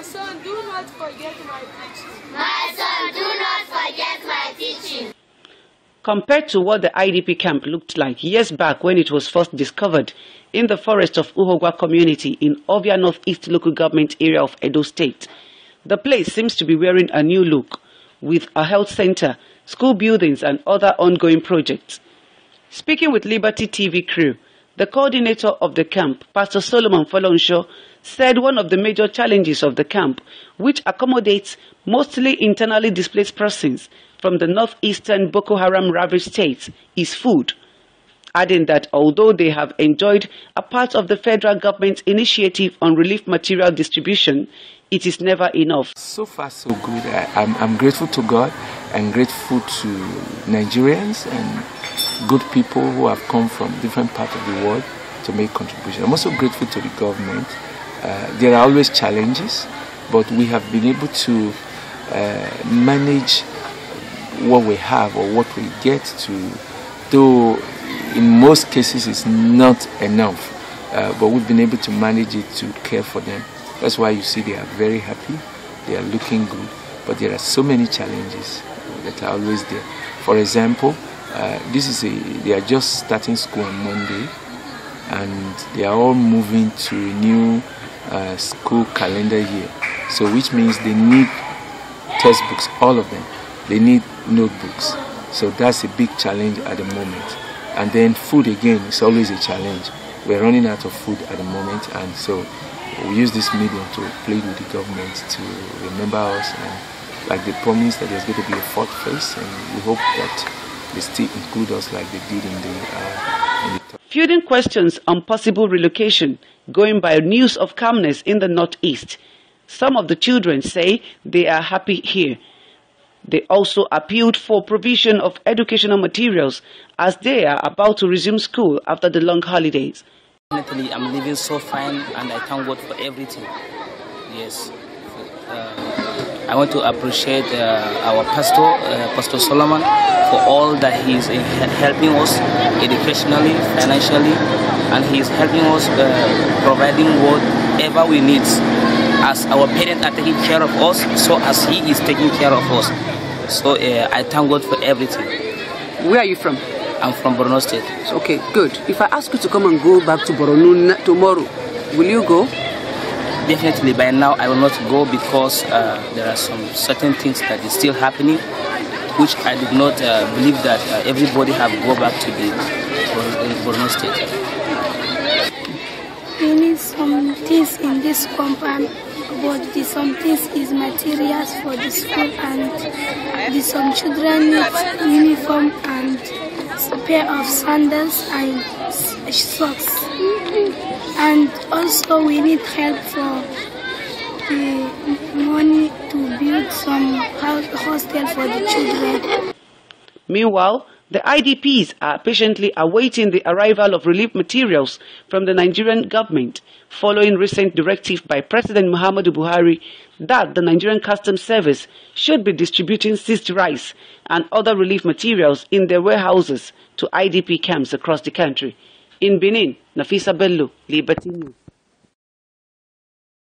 My son, do not forget my teaching. My son, do not forget my teaching. Compared to what the IDP camp looked like years back when it was first discovered in the forest of Uhogwa community in Ovia Northeast local government area of Edo State, the place seems to be wearing a new look with a health center, school buildings and other ongoing projects. Speaking with Liberty TV crew, the coordinator of the camp, Pastor Solomon Folonsho, said one of the major challenges of the camp, which accommodates mostly internally displaced persons from the northeastern Boko Haram ravaged states, is food. Adding that although they have enjoyed a part of the federal government's initiative on relief material distribution, it is never enough. So far, so good. I, am grateful to God and grateful to Nigerians and good people who have come from different parts of the world to make contributions. I'm also grateful to the government. Uh, there are always challenges, but we have been able to uh, manage what we have or what we get to, though in most cases it's not enough, uh, but we've been able to manage it to care for them. That's why you see they are very happy, they are looking good, but there are so many challenges that are always there. For example, uh, this is a, they are just starting school on Monday and they are all moving to a new uh, school calendar year. So, which means they need textbooks, all of them. They need notebooks. So, that's a big challenge at the moment. And then, food again is always a challenge. We're running out of food at the moment, and so we use this medium to plead with the government to remember us and like they promised that there's going to be a fourth phase and we hope that they still include us like they did in the. Uh, in the Fielding questions on possible relocation going by news of calmness in the Northeast. Some of the children say they are happy here. They also appealed for provision of educational materials as they are about to resume school after the long holidays. Definitely, I'm living so fine and I thank God for everything. Yes. Uh, I want to appreciate uh, our pastor, uh, Pastor Solomon, for all that he's uh, helping us educationally, financially, and he's helping us uh, providing whatever we need as our parents are taking care of us, so as he is taking care of us. So uh, I thank God for everything. Where are you from? I'm from Borno State. Okay, good. If I ask you to come and go back to Borno tomorrow, will you go? Definitely by now I will not go because uh, there are some certain things that is still happening which I did not uh, believe that uh, everybody have go back to the Borno State. We need some things in this compound, but the some things is materials for the school and the some children need uniform and a pair of sandals and socks. And also we need help for the money to build some hostel for the children. Meanwhile, the IDPs are patiently awaiting the arrival of relief materials from the Nigerian government following recent directive by President Muhammadu Buhari that the Nigerian Customs Service should be distributing seized rice and other relief materials in their warehouses to IDP camps across the country. In Benin, Nafisa Bello, Liberty News.